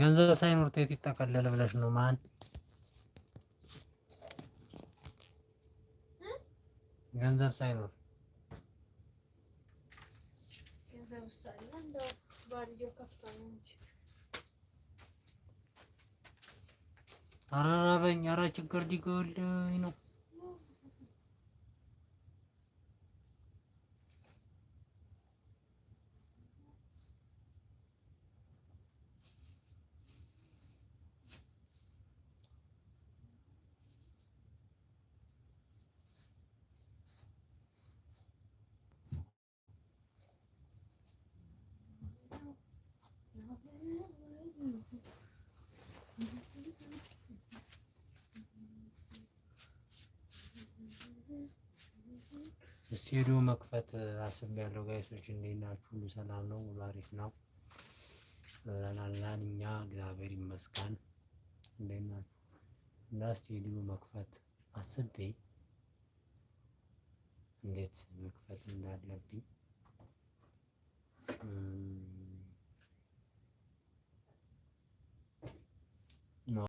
ገንዘብ ሳይኖር ቴት ይጠቀለል ብለሽ ነው ማን ገንዘብ ሳይኖር አረ ራበኝ፣ አረ ችግር ሊገወልኝ ነው። ስቱዲዮ መክፈት አስቤያለሁ። ጋይሶች እንዴት ናችሁ? ሁሉ ሰላም ነው? ሁሉ አሪፍ ነው? ላላላን እኛ እግዚአብሔር ይመስገን። እንዴት ናችሁ? እና ስቱዲዮ መክፈት አስቤ እንዴት መክፈት እንዳለብኝ